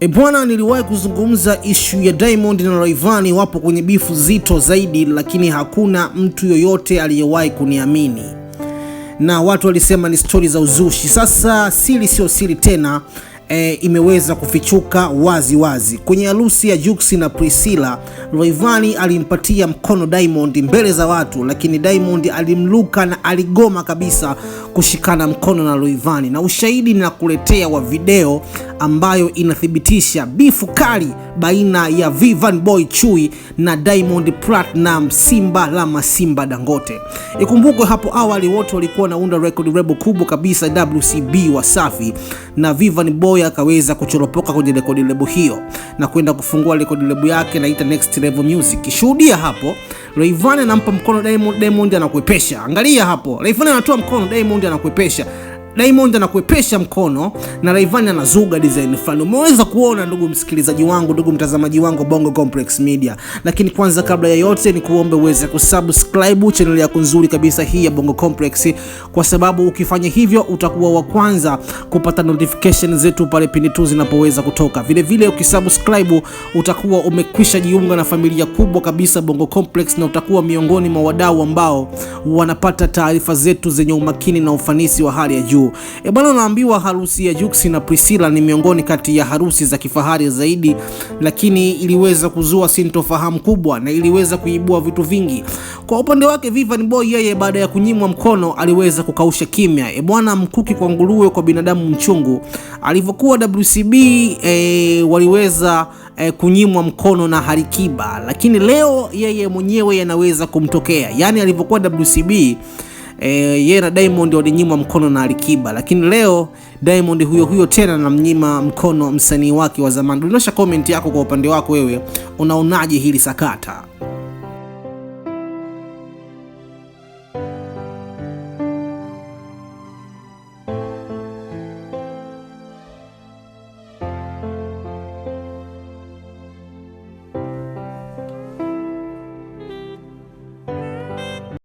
E bwana, niliwahi kuzungumza ishu ya Diamond na Rayvanny wapo kwenye bifu zito zaidi, lakini hakuna mtu yoyote aliyewahi kuniamini na watu walisema ni stori za uzushi. Sasa siri sio siri tena, e, imeweza kufichuka wazi wazi. Kwenye harusi ya Juksi na Priscilla, Rayvanny alimpatia mkono Diamond mbele za watu, lakini Diamond alimluka na aligoma kabisa kushikana mkono na Rayvanny, na ushahidi na kuletea wa video ambayo inathibitisha bifu kali baina ya Vivian Boy Chui na Diamond Platinum, simba la masimba Dangote. Ikumbukwe hapo awali wote walikuwa naunda record label kubwa kabisa WCB Wasafi, na Vivian Boy akaweza kuchoropoka kwenye record label hiyo na kwenda kufungua record label yake naita Next Level Music. Shuhudia hapo Rayvanny anampa mkono Diamond, Diamond anakuepesha. Angalia hapo, Rayvanny anatoa mkono Diamond anakuepesha. Diamond anakuepesha mkono na Rayvanny anazuga design fulani. Umeweza kuona ndugu msikilizaji wangu, ndugu mtazamaji wangu Bongo Complex Media. Lakini kwanza kabla ya yote ni kuombe uweze kusubscribe channel yako nzuri kabisa hii ya Bongo Complex kwa sababu ukifanya hivyo utakuwa wa kwanza kupata notification zetu pale pindi tu zinapoweza kutoka. Vile vile ukisubscribe utakuwa umekwisha jiunga na familia kubwa kabisa Bongo Complex na utakuwa miongoni mwa wadau ambao wanapata taarifa zetu zenye umakini na ufanisi wa hali ya juu juu. E bwana, harusi ya Jux na Priscilla ni miongoni kati ya harusi za kifahari zaidi, lakini iliweza kuzua sintofahamu kubwa na iliweza kuibua vitu vingi. Kwa upande wake Vivian Boy, yeye baada ya kunyimwa mkono aliweza kukausha kimya. E bwana, mkuki kwa nguruwe kwa binadamu mchungu. Alivyokuwa WCB e, waliweza E, kunyimwa mkono na Harikiba, lakini leo yeye mwenyewe yanaweza kumtokea, yaani alivyokuwa WCB e, yeye na Diamond walinyimwa mkono na Alikiba, lakini leo Diamond huyo huyo tena namnyima mkono msanii wake wa zamani. Dondosha komenti yako kwa upande wako, wewe unaonaje hili sakata?